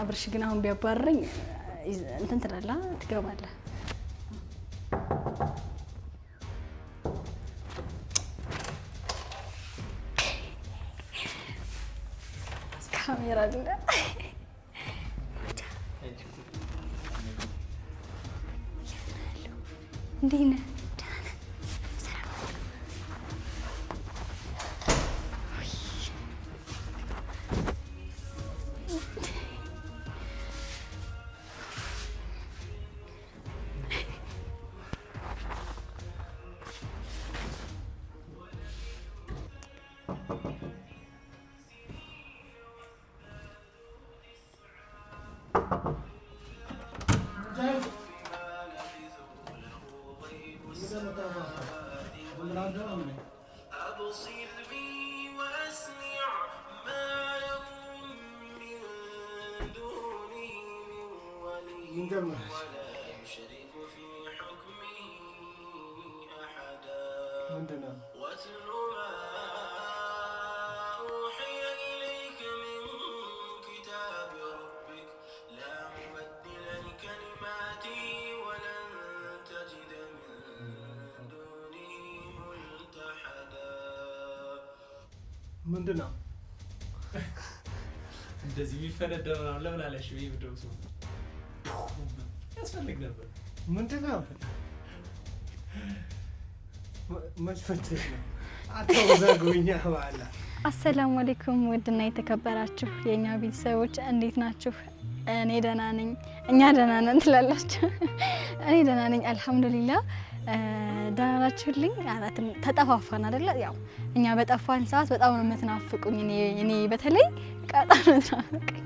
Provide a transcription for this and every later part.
አብርሽ ግን አሁን ቢያባረኝ እንትን ትላላ ትገባለ። ካሜራ አለ። እንዴት أبصر بي وأسمع ما لهم من دونه من ولي ولا يشرك في حكمه أحدا واتلو ምንድን ነው እንደዚህ የሚፈነደው? ለምን አለሽ? ያስፈልግ ነበር። ምንድን ነው መፈተሽ ነው? አሰላሙ አሌይኩም ውድና የተከበራችሁ የእኛ ቤተሰቦች እንዴት ናችሁ? እኔ ደህና ነኝ፣ እኛ ደህና ነን ትላላችሁ። እኔ ደህና ነኝ አልሐምዱሊላህ ደህና ናችሁልኝ? ተጠፋፋን አደለ? ያው እኛ በጠፋን ሰዓት በጣም ነው የምትናፍቁኝ። እኔ በተለይ በጣም ነው የምትናፍቁኝ፣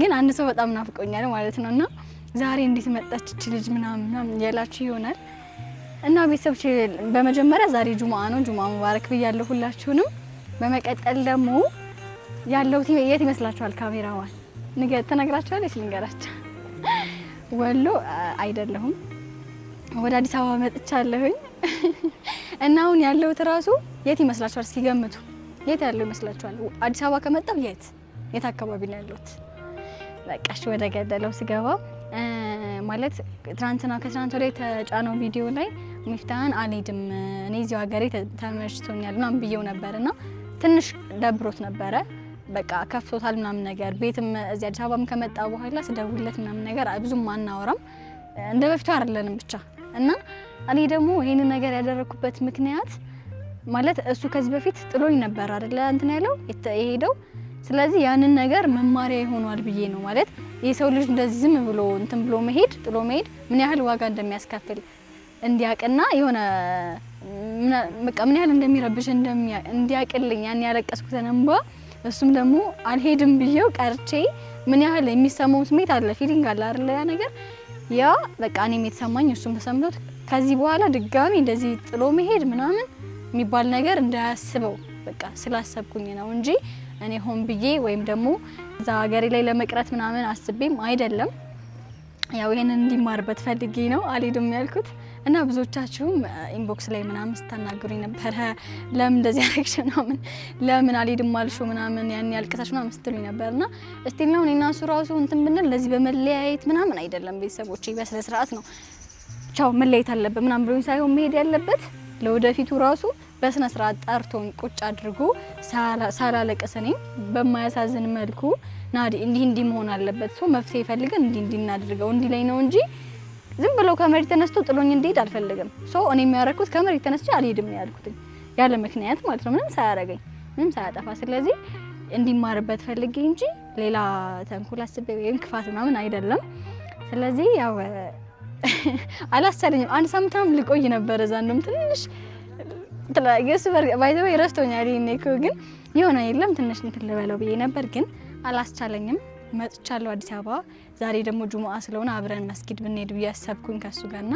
ግን አንድ ሰው በጣም ናፍቆኛል ማለት ነው። እና ዛሬ እንዴት መጣች እች ልጅ ምናምን ምናምን እያላችሁ ይሆናል። እና ቤተሰቦች በመጀመሪያ ዛሬ ጁማ ነው፣ ጁማ ሙባረክ ብያለሁ ሁላችሁንም። በመቀጠል ደግሞ ያለሁት የት ይመስላችኋል? ካሜራዋን ንገ ተነግራችኋል? የት ልንገራቸው? ወሎ አይደለሁም ወደ አዲስ አበባ መጥቻለሁኝ እና አሁን ያለሁት ራሱ የት ይመስላችኋል? እስኪ ገምቱ። የት ያለው ይመስላችኋል? አዲስ አበባ ከመጣሁ የት የት አካባቢ ነው ያለሁት? በቃሽ ወደ ገደለው ስገባ ማለት ትናንትና ከትናንት ወዲያ የተጫነው ቪዲዮ ላይ ሚፍታህን አልሄድም እኔ እዚሁ ሀገሬ ተመችቶኛል ምናምን ብዬው ነበር እና ትንሽ ደብሮት ነበረ በቃ ከፍቶታል ምናምን ነገር ቤትም እዚህ አዲስ አበባም ከመጣ በኋላ ስደውለት ምናምን ነገር ብዙም አናወራም እንደ በፊቱ አይደለንም ብቻ እና እኔ ደግሞ ይሄንን ነገር ያደረኩበት ምክንያት ማለት እሱ ከዚህ በፊት ጥሎኝ ነበር አይደለ እንትን ያለው የሄደው። ስለዚህ ያንን ነገር መማሪያ ይሆኗል ብዬ ነው ማለት የሰው ልጅ እንደዚህ ዝም ብሎ እንትን ብሎ መሄድ ጥሎ መሄድ ምን ያህል ዋጋ እንደሚያስከፍል እንዲያቅና የሆነ በቃ ምን ያህል እንደሚረብሽ እንዲያቅልኝ ያን ያለቀስኩትን እንባ እሱም ደግሞ አልሄድም ብዬው ቀርቼ ምን ያህል የሚሰማው ስሜት አለ ፊሊንግ አለ አይደለ ያ ነገር ያ በቃ እኔም የተሰማኝ እሱም ተሰምቶት ከዚህ በኋላ ድጋሚ እንደዚህ ጥሎ መሄድ ምናምን የሚባል ነገር እንዳያስበው በቃ ስላሰብኩኝ ነው እንጂ እኔ ሆን ብዬ ወይም ደግሞ እዛ ሀገሬ ላይ ለመቅረት ምናምን አስቤም አይደለም። ያው ይህንን እንዲማርበት ፈልጌ ነው አልሄድም ያልኩት። እና ብዙዎቻችሁም ኢንቦክስ ላይ ምናምን ስታናግሩ ነበረ ለምን እንደዚህ ያረግሽ ምናምን ለምን አልሄድም አልሽው ምናምን ያን ያልቅሳሽ ምናምን ስትሉኝ ነበር። እና እስቲ ነው እኔና እሱ ራሱ እንትን ብንል ለዚህ በመለያየት ምናምን አይደለም። ቤተሰቦች በስነ ስርዓት ነው ቻው መለያየት አለበት ምናምን ብሎኝ ሳይሆን መሄድ ያለበት ለወደፊቱ ራሱ በስነ ስርዓት ጠርቶን ቁጭ አድርጎ ሳላለቅስ እኔም በማያሳዝን መልኩ ናዲ እንዲህ እንዲህ መሆን አለበት ሰው መፍትሄ ይፈልገን እንዲህ እንዲህ እናድርገው እንዲህ ላይ ነው እንጂ ዝም ብሎ ከመሬት ተነስቶ ጥሎኝ እንዲሄድ አልፈልግም። ሶ እኔ የሚያረኩት ከመሬት ተነስቼ አልሄድም ነው ያልኩት፣ ያለ ምክንያት ማለት ነው፣ ምንም ሳያረገኝ፣ ምንም ሳያጠፋ። ስለዚህ እንዲማርበት ፈልጌ እንጂ ሌላ ተንኮል አስቤ ወይም ክፋት ምናምን አይደለም። ስለዚህ ያው አላሰለኝም። አንድ ሳምንት ልቆይ ነበረ ዛንም እንደውም ትንሽ የሱ ባይዘወይ ረስቶኛል። ይሄኔ እኮ ግን የሆነ የለም ትንሽ እንትን ልበለው ብዬ ነበር፣ ግን አላስቻለኝም። መጥቻለሁ አዲስ አበባ። ዛሬ ደግሞ ጁሙአ ስለሆነ አብረን መስጊድ ብንሄድ ብዬ ያሰብኩኝ ከሱ ና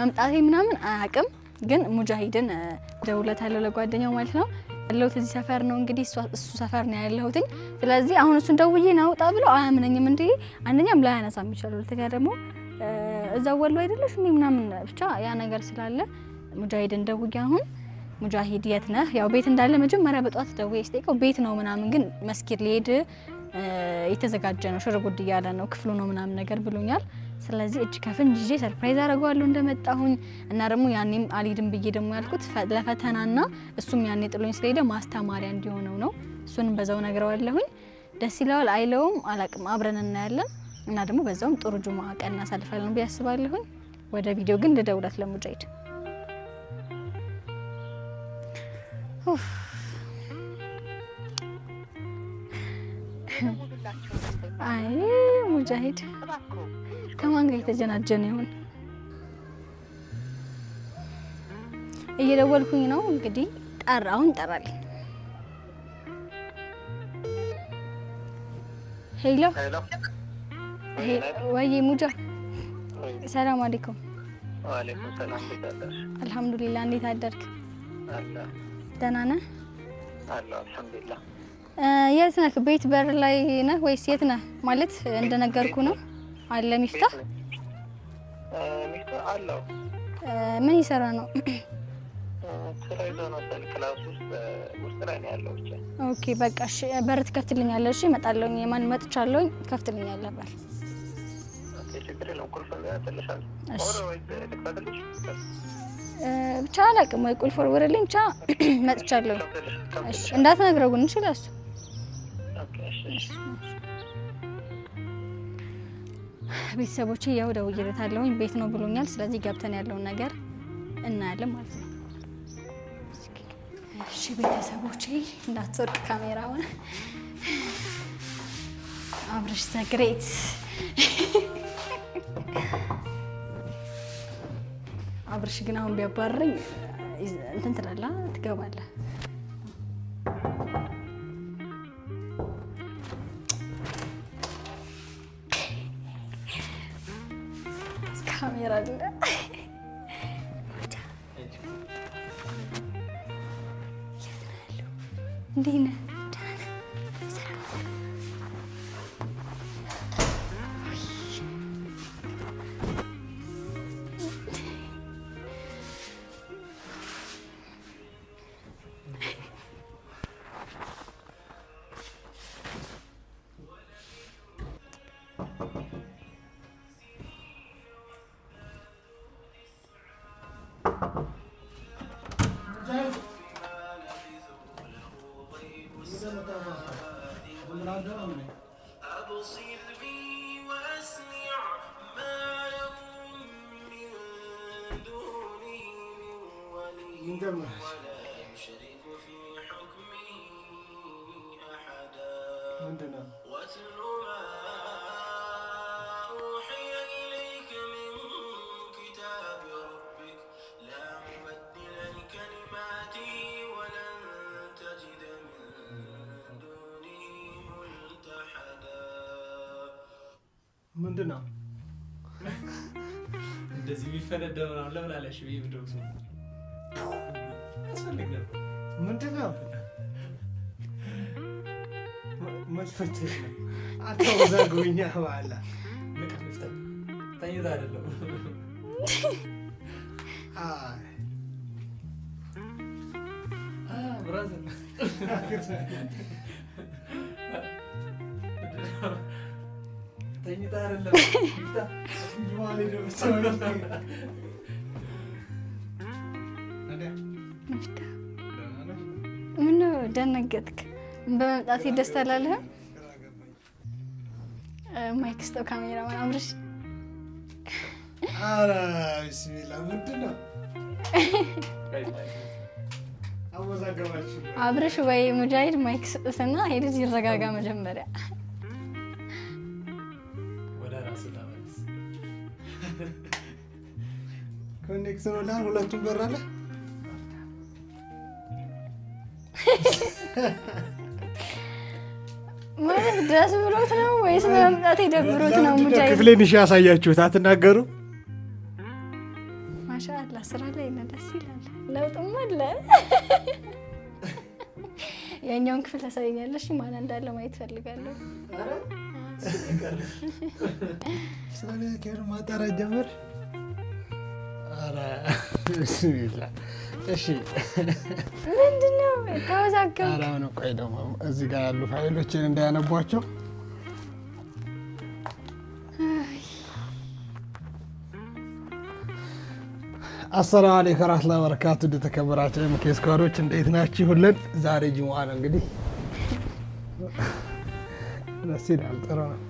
መምጣቴ ምናምን አያውቅም፣ ግን ሙጃሂድን ደውለታለሁ ለጓደኛው ማለት ነው ያለሁት እዚህ ሰፈር ነው እንግዲህ እሱ ሰፈር ነው ያለሁትኝ። ስለዚህ አሁን እሱን ደውዬ ናውጣ ብሎ አያምነኝም። እንዲ አንደኛም ላያነሳ የሚችላል፣ ሁለተኛ ደግሞ እዛ ወሎ አይደለሽ እንዲ ምናምን ብቻ ያ ነገር ስላለ ሙጃሂድን ደውዬ አሁን ሙጃሂድ የት ነህ? ያው ቤት እንዳለ መጀመሪያ በጠዋት ደውዬ ስጠይቀው ቤት ነው ምናምን፣ ግን መስጊድ ሊሄድ የተዘጋጀ ነው። ሽርጉድ እያለ ነው ክፍሉ ነው ምናምን ነገር ብሎኛል። ስለዚህ እጅ ከፍን ይዤ ሰርፕራይዝ አደርገዋለሁ እንደመጣሁኝ እና ደግሞ ያኔም አልሄድም ብዬ ደግሞ ያልኩት ለፈተናና እሱም ያኔ ጥሎኝ ስለሄደ ማስተማሪያ እንዲሆነው ነው። እሱንም በዛው ነግረዋለሁኝ። ደስ ይለዋል አይለውም አላቅም፣ አብረን እናያለን እና ደግሞ በዛውም ጥሩ ጁማ ቀን እናሳልፋለን ብዬ አስባለሁኝ። ወደ ቪዲዮ ግን ልደውላት ለሙጃሂድ አይ ሙጃሂድ ከማን ጋር የተጀናጀነ ይሆን? እየደወልኩኝ ነው እንግዲህ ጠራውን ጠራልኝ። ሄሎ ወይ ሙጃ፣ ሰላም አለይኩም። አልሐምዱሊላህ እንዴት አደርክ? ደህና ነህ? አልሐምዱሊላህ የት ነህ? ቤት በር ላይ ነህ ወይስ የት ነህ? ማለት እንደነገርኩ ነው አለ ሚፍታ ምን ይሰራ ነው? ኦኬ በቃ እሺ፣ በር ትከፍትልኛለህ? እሺ እመጣለሁ። የማን መጥቻለሁ? ከፍትልኛለህ በር። ብቻ አላውቅም ወይ ቁልፍ ወርውርልኝ። ብቻ መጥቻለሁ። እሺ እንዳትነግረው ግን እሺ ለእሱ ቤተሰቦች ያው ደውዬለታለሁኝ ቤት ነው ብሎኛል። ስለዚህ ገብተን ያለውን ነገር እናያለን ማለት ነው። እሺ ቤተሰቦች እንዳትወርቅ ካሜራውን። አብርሽ ዘግሬት አብርሽ ግን አሁን ቢያባረኝ እንትን ትላለህ ትገባለህ Dina. Thank you. عندنا واتل ما أوحي إليك من كتاب ربك لا مبدل لكلماته ولن تجد من دونه ملتحدا ምንድን ነው እንደዚህ የሚፈነደው ምናምን ለምን አለሽ ብዬ ብደውስ ምንድን ነው መጭፈጭሽ ነው። አታውዛጉኛ በኋላ ተኝታ አይደለም ተኝታ አይደለም። ምነው ደነገጥክ? በመምጣት ደስ አላለህም? ማይክ ስጠው ካሜራ አምርሽ። ኧረ ቢስሚላ ምንድን ነው አብርሽ ወይ ሙጃሂድ ማይክ ስጥስና ሄደህ ይረጋጋ መጀመሪያ። ኮኔክተር ሁለቱም በራለ ማለት ደስ ብሎት ነው ወይስ መምጣት የደብሮት ነው? ሙጃ ክፍሌን እሺ ያሳያችሁት አትናገሩ። ማሻአላ ስራ ላይ ነው። ደስ ይላል። ለውጥም አለ። ያኛውን ክፍል ታሳይኛለሽ? ማን እንዳለ ማየት ፈልጋለሁ። ማጣራ ጀምር እሺ ምንድን ነው ተወዛገብክ? ቆይ ደግሞ እዚህ ጋር ያሉ ፋይሎችን እንዳያነቧቸው። አሰላሙ አለይኩም ወራህመቱላሂ ወበረካቱ። እንደተከበራቸው የምኬስ ኳሮች እንዴት ናችሁ? ሁለን ዛሬ ጅሙዓ ነው እንግዲህ ደስ ይላል። ጥሩ ነው።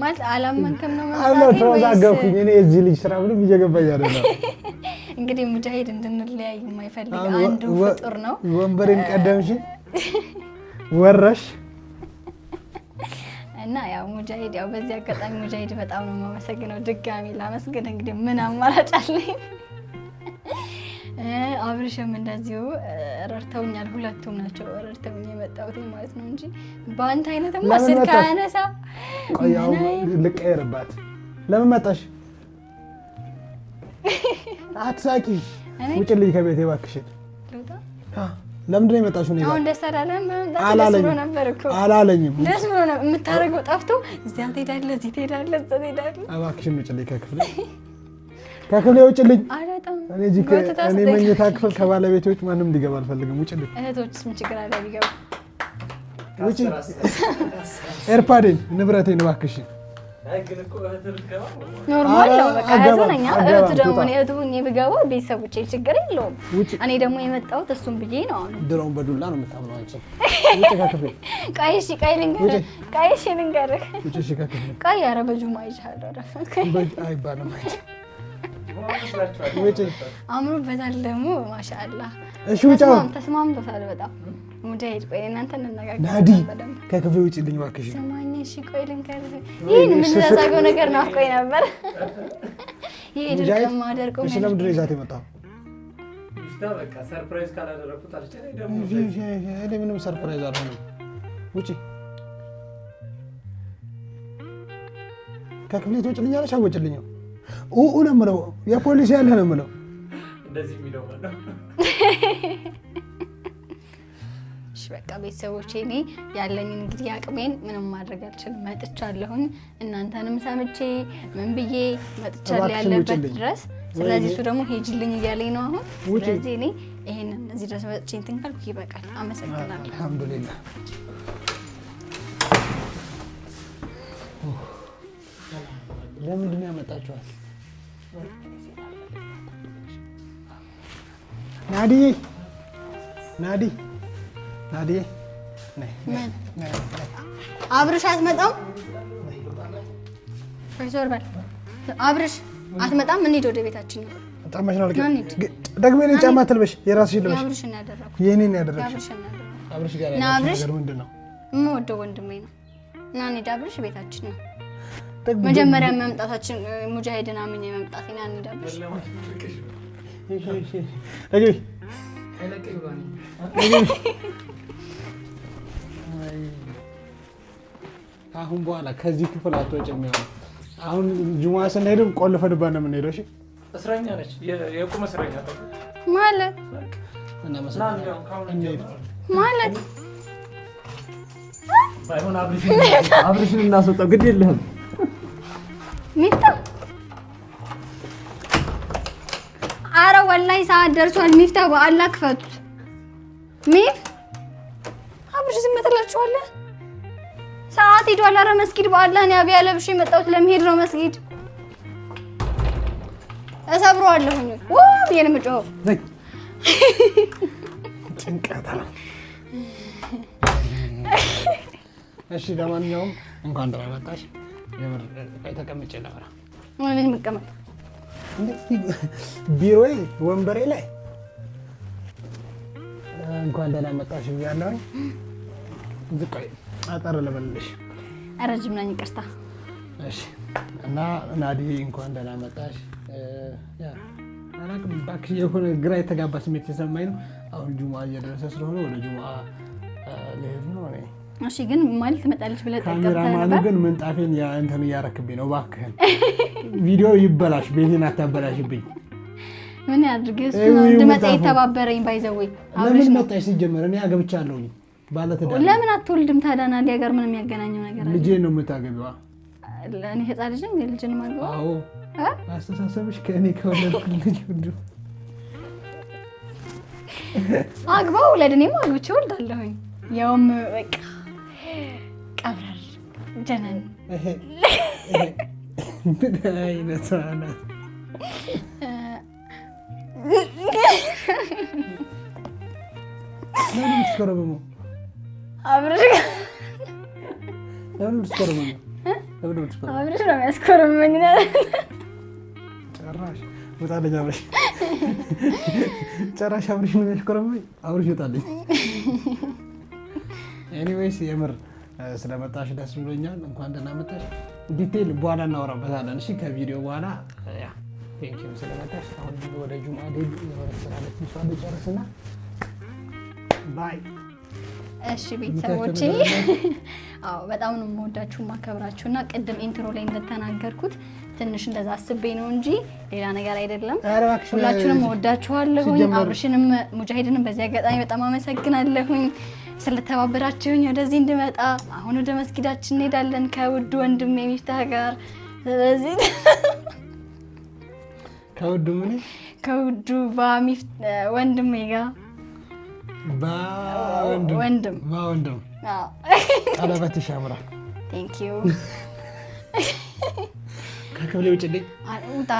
ማለት አላመንክም ነው ማለት ተወዛገብኩኝ። እኔ እዚህ ልጅ ስራ ምንም እየገባኝ አይደለም። እንግዲህ ሙጃሂድ እንድንለያይ የማይፈልግ አንዱ ፍጡር ነው። ወንበሬን ቀደምሽ ወረሽ እና ያው ሙጃሂድ ያው በዚህ አጋጣሚ ሙጃሂድ በጣም ነው የማመሰግነው። ድጋሚ ላመስግን እንግዲህ ምን አማራጭ አለኝ? አብርሽም እንደዚሁ ረድተውኛል። ሁለቱም ናቸው ረድተውኝ የመጣሁት ማለት ነው እንጂ በአንተ አይነት ማስል ከአነሳ ልቀየርባት። ለምን መጣሽ? አትሳቂ፣ ውጭልኝ ከቤቴ እባክሽን። ለምንድን ነው የመጣሽው? አሁን ደስ አላለህም? አላለኝም። ደስ ብሎ ነው የምታደርገው። ጠፍቶ እዚያ ትሄዳለህ፣ እዚህ ትሄዳለህ፣ እዚያ ትሄዳለህ። እባክሽን ውጭልኝ ከክፍል ከክፍሌ ውጭልኝ። እኔ መኝታ ክፍል ከባለቤቴ ውጭ ማንም እንዲገባ አልፈልግም። ውጭልኝ። እህቶችስ አለ ቢገቡ? ውጭ። ኤርፓዴን ንብረቴን እባክሽን ኖርማል ያዘነኛ ደግሞ ችግር የለውም። እኔ ደግሞ የመጣሁት እሱን ብዬ ነው። አሁን ድሮውን በዱላ ነው ልንገርህ፣ አምሮ አምሮበታል ደግሞ እሺ ተስማምቶታል በጣም ሙጃሂድ። ቆይ እናንተ እንነጋገር ከክፍል ልኝ እባክሽ እሺ ቆይ የምንዘዛገው ነገር ናፍቆኝ ነበር። ይሄ ድርቅ ማደርቀው እሺ። ለምንድን ነው ይዛት የመጣው? እኔ ምንም ሰርፕራይዝ አልሆነም። ውጪ ከክፍሌት አለሽ ኡ ነው የምለው የፖሊስ ያለ ነው የምለው በቃ ቤተሰቦቼ፣ እኔ ያለኝን እንግዲህ አቅሜን ምንም ማድረግ አልችልም። መጥቻለሁኝ እናንተንም ሰምቼ ምን ብዬ መጥቻለሁ ያለበት ድረስ። ስለዚህ እሱ ደግሞ ሄጅልኝ እያለኝ ነው አሁን። ስለዚህ እኔ ይሄንን እዚህ ድረስ መጥቼ እንትን ካልኩ ይበቃል። አመሰግናለሁ። አልሐምዱሊላህ ለምንድን ነው ናዲ ናዲ ናዲ አብርሽ አትመጣም። ፕሮፌሰር በል አብርሽ አትመጣም። ምን ሄድ ወደ ቤታችን ነው ጫማሽ ነው ደግሜ እኔ ጫማ ትልበሽ የራስሽ ልበሽ የእኔን ያደረግሽ አብርሽ ጋር ምንድን ነው የምወደው ወንድሜ ነው እና እንሂድ አብርሽ ቤታችን ነው መጀመሪያ መምጣታችን ሙጃሄድን አምኜ መምጣቴን ና አሁን በኋላ ከዚህ ክፍል አትወጭም። አሁን ጅማ ስንሄድም ቆልፈንባት ነው የምንሄደው። እስረኛ ነች፣ የቁም እስረኛ ማለት ማለት ባይሆን አብርሽን እናስወጣው ግድ የለህም ሚፍታ አረ ወላይ ሰዓት ደርሷል። ሚፍታ በአላ ክፈቱት። ሚፍ አብርሽ ዝም ትላችኋለህ? ሰዓት ሄዷል። አረ መስጊድ በአላ ነው አብያ ለብሽ የመጣሁት ለመሄድ ነው መስጊድ እሰብረዋለሁ ብዬ ነው የምጮኸው። ጭንቀት እሺ ለማንኛውም እንኳን ደህና መጣሽ። ተቀምጬ ነበር። መቀመጥ ቢሮዬ ወንበሬ ላይ እንኳን ደህና መጣሽ ብያለሁ። ዝቅ አጠር ልበልልሽ። ረጅም ነኝ፣ ይቅርታ። እሺ። እና ናዲ እንኳን ደህና መጣሽ። አላውቅም እባክሽ፣ የሆነ ግራ የተጋባ ስሜት የሰማኝ ነው። አሁን ጁሙአ እየደረሰ ስለሆነ ወደ ጁሙአ ልሄድ ነው እኔ እሺ ግን ማለት ትመጣለች ብለህ ካሜራማኑ ግን ምንጣፌን እንትን እያረክብኝ ነው። እባክህን ቪዲዮ ይበላሽ፣ ቤቴን አታበላሽብኝ። ምን ያድርግ እሱ ነው እንድመጣ የተባበረኝ። ባይዘወይ ለምን መጣሽ? ሲጀመር እኔ አገብቻለሁኝ ባለትዳር ለምን አትወልድም ታዲያ? ናዲያ ጋር ምን የሚያገናኘው ነገር አለ? ልጄ ነው የምታገቢዋ። እኔ ህፃን ልጅ ነኝ። ልጅን ማግባ አስተሳሰብሽ ከእኔ ከወለድኩ ልጅ ሁሉ አግባ ውለድ። እኔም አግብቼ ወልዳለሁኝ። ያውም በቃ ምን አይነት ናት? አብረሽ ነው የሚያስኮረመኝ። ጭራሽ ወጣለች። አብረሽ ጭራሽ አብረሽ ነው የሚያስኮረመኝ። አብረሽ ወጣለች። ኤኒዌይስ የምር ስለመጣሽ ደስ ብሎኛል። እንኳን ደህና መጣሽ። ዲቴል በኋላ እናወራበታለን። እሺ፣ ከቪዲዮ በኋላ ቴንኪው ስለመጣሽ። አሁን ወደ ጁማ ዴድ የሆነ ስራ ለትንሷ ልጨርስና ባይ። እሺ ቤተሰቦቼ አዎ በጣም ነው የምወዳችሁ ማከብራችሁ። እና ቅድም ኢንትሮ ላይ እንደተናገርኩት ትንሽ እንደዛ አስቤ ነው እንጂ ሌላ ነገር አይደለም። ሁላችሁንም እወዳችኋለሁኝ። አብርሽንም ሙጃሂድንም በዚህ አጋጣሚ በጣም አመሰግናለሁኝ ስለተባበራችሁኝ ወደዚህ እንድመጣ። አሁን ወደ መስጊዳችን እንሄዳለን ከውድ ወንድም የሚፍታህ ጋር። ስለዚህ ከውዱ ምን ከውዱ ወንድሜ ጋር ወንድም ቀለበትሽ ያምራል። ከክፍሌ ውጭ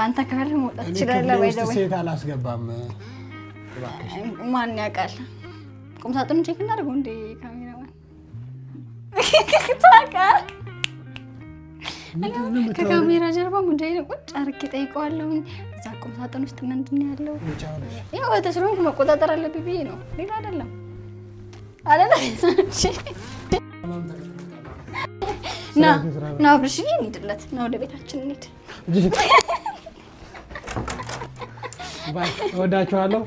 አንተ ክፍል መውጣት ትችላለህ። ሴት አላስገባም። ማን ያውቃል? ቁም ሳጥኑ ቼክ እናድርገው እንዴ ካሜራማን ከካሜራ ጀርባ ሙዳይ ቁጭ አድርጌ ጠይቀዋለሁኝ። እዛ ቁም ውስጥ ምንድን ነው ያለው? ያው ተሽሮን መቆጣጠር አለብኝ ብዬ ነው፣ ሌላ አይደለም። ና አብርሽዬ፣ እንሂድለት ና፣ ወደ ቤታችን እንሂድ። እወዳችኋለሁ።